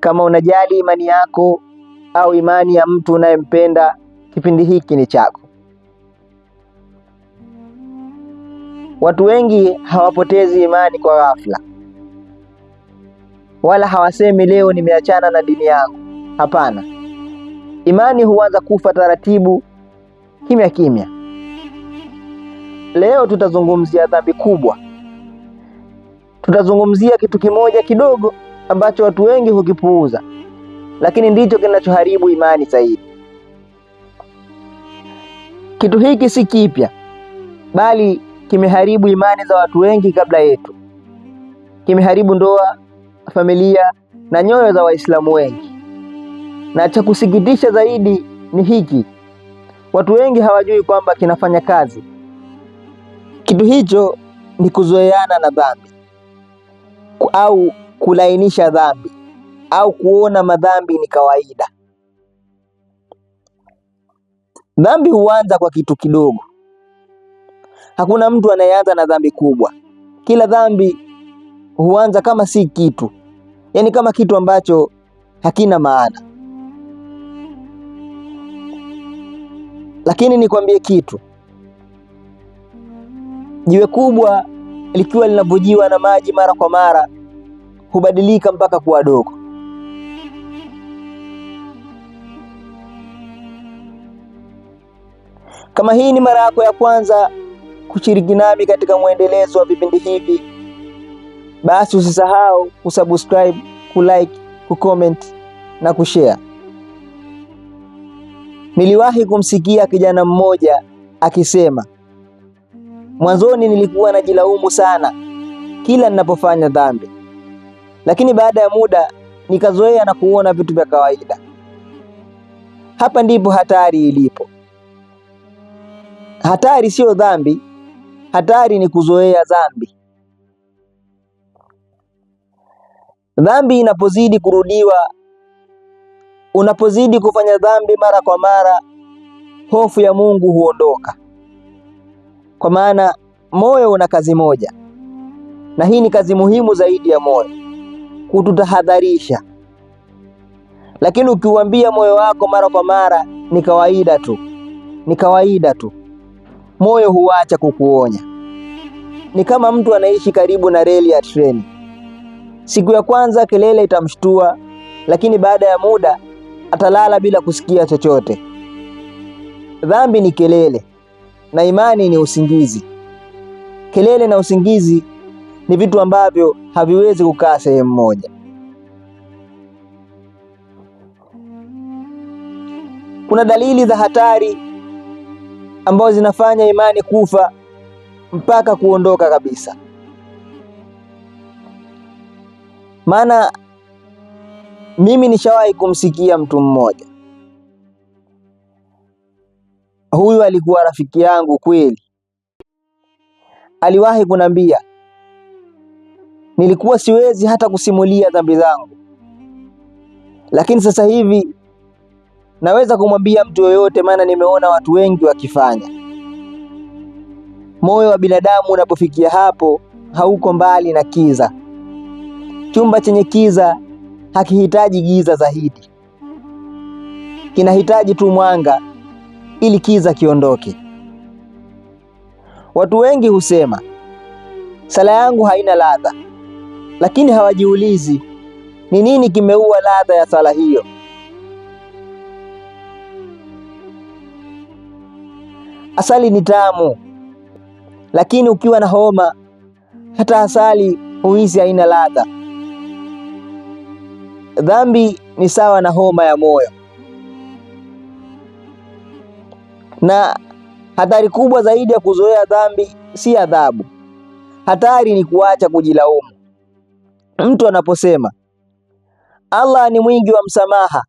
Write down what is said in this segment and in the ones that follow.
Kama unajali imani yako au imani ya mtu unayempenda, kipindi hiki ni chako. Watu wengi hawapotezi imani kwa ghafla, wala hawasemi leo nimeachana na dini yangu. Hapana, imani huanza kufa taratibu, kimya kimya. Leo tutazungumzia dhambi kubwa, tutazungumzia kitu kimoja kidogo ambacho watu wengi hukipuuza, lakini ndicho kinachoharibu imani zaidi. Kitu hiki si kipya, bali kimeharibu imani za watu wengi kabla yetu. Kimeharibu ndoa, familia na nyoyo za Waislamu wengi. Na cha kusikitisha zaidi ni hiki, watu wengi hawajui kwamba kinafanya kazi. Kitu hicho ni kuzoeana na dhambi au kulainisha dhambi au kuona madhambi ni kawaida. Dhambi huanza kwa kitu kidogo. Hakuna mtu anayeanza na dhambi kubwa. Kila dhambi huanza kama si kitu, yaani kama kitu ambacho hakina maana. Lakini nikwambie kitu, jiwe kubwa likiwa linavujiwa na maji mara kwa mara hubadilika mpaka kuwa dogo. Kama hii ni mara yako ya kwanza kushiriki nami katika mwendelezo wa vipindi hivi, basi usisahau kusubscribe, kulike, kucomment na kushare. Niliwahi kumsikia kijana mmoja akisema, mwanzoni nilikuwa najilaumu sana kila ninapofanya dhambi lakini baada ya muda nikazoea na kuona vitu vya kawaida. Hapa ndipo hatari ilipo. Hatari siyo dhambi, hatari ni kuzoea dhambi. Dhambi inapozidi kurudiwa, unapozidi kufanya dhambi mara kwa mara, hofu ya Mungu huondoka, kwa maana moyo una kazi moja, na hii ni kazi muhimu zaidi ya moyo kututahadharisha, lakini ukiuambia moyo wako mara kwa mara, ni kawaida tu, ni kawaida tu, moyo huacha kukuonya. Ni kama mtu anaishi karibu na reli ya treni. Siku ya kwanza kelele itamshtua, lakini baada ya muda atalala bila kusikia chochote. Dhambi ni kelele na imani ni usingizi. Kelele na usingizi ni vitu ambavyo haviwezi kukaa sehemu moja. Kuna dalili za hatari ambazo zinafanya imani kufa mpaka kuondoka kabisa. Maana mimi nishawahi kumsikia mtu mmoja, huyu alikuwa rafiki yangu kweli, aliwahi kunambia nilikuwa siwezi hata kusimulia dhambi zangu, lakini sasa hivi naweza kumwambia mtu yoyote, maana nimeona watu wengi wakifanya. Moyo wa binadamu unapofikia hapo, hauko mbali na kiza. Chumba chenye kiza hakihitaji giza zaidi, kinahitaji tu mwanga ili kiza kiondoke. Watu wengi husema sala yangu haina ladha, lakini hawajiulizi ni nini kimeua ladha ya sala hiyo. Asali ni tamu, lakini ukiwa na homa, hata asali huhisi haina ladha. Dhambi ni sawa na homa ya moyo, na hatari kubwa zaidi ya kuzoea dhambi si adhabu. Hatari ni kuacha kujilaumu mtu anaposema Allah ni mwingi wa msamaha,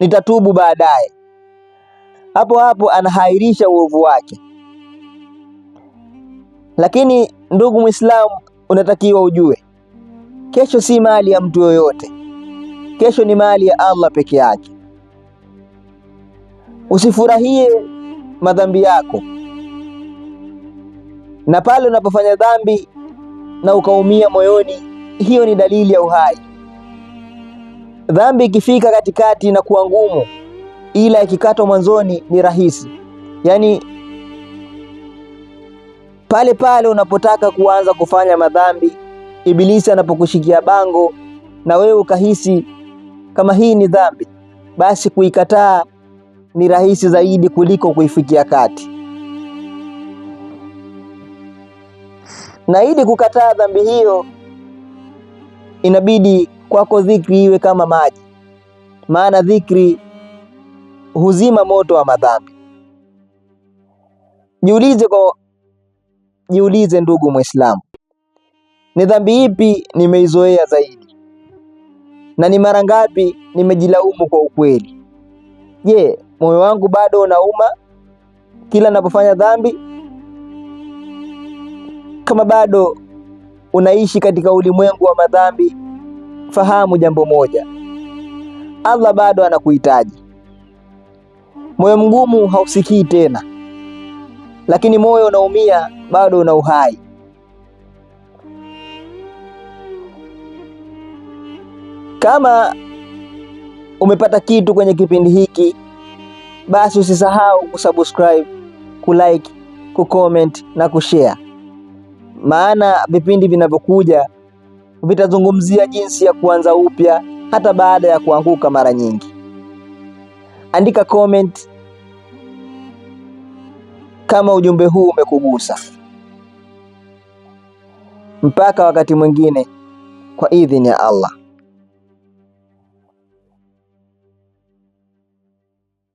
nitatubu baadaye, hapo hapo anahairisha uovu wake. Lakini ndugu Mwislamu, unatakiwa ujue kesho si mali ya mtu yoyote, kesho ni mali ya Allah peke yake. Usifurahie madhambi yako, na pale unapofanya dhambi na ukaumia moyoni hiyo ni dalili ya uhai. Dhambi ikifika katikati na kuwa ngumu, ila ikikatwa mwanzoni ni rahisi, yaani pale pale unapotaka kuanza kufanya madhambi, Ibilisi anapokushikia bango na wewe ukahisi kama hii ni dhambi, basi kuikataa ni rahisi zaidi kuliko kuifikia kati. Na ili kukataa dhambi hiyo inabidi kwako dhikri iwe kama maji, maana dhikri huzima moto wa madhambi. Jiulize kwa jiulize, ndugu Mwislamu, ni dhambi ipi nimeizoea zaidi na ni mara ngapi nimejilaumu kwa ukweli? Je, moyo wangu bado unauma kila ninapofanya dhambi? Kama bado unaishi katika ulimwengu wa madhambi, fahamu jambo moja, Allah bado anakuhitaji. Moyo mgumu hausikii tena, lakini moyo unaumia bado una uhai. Kama umepata kitu kwenye kipindi hiki, basi usisahau kusubscribe, kulike, kucomment na kushare maana vipindi vinavyokuja vitazungumzia jinsi ya kuanza upya hata baada ya kuanguka mara nyingi. Andika comment kama ujumbe huu umekugusa. Mpaka wakati mwingine, kwa idhini ya Allah.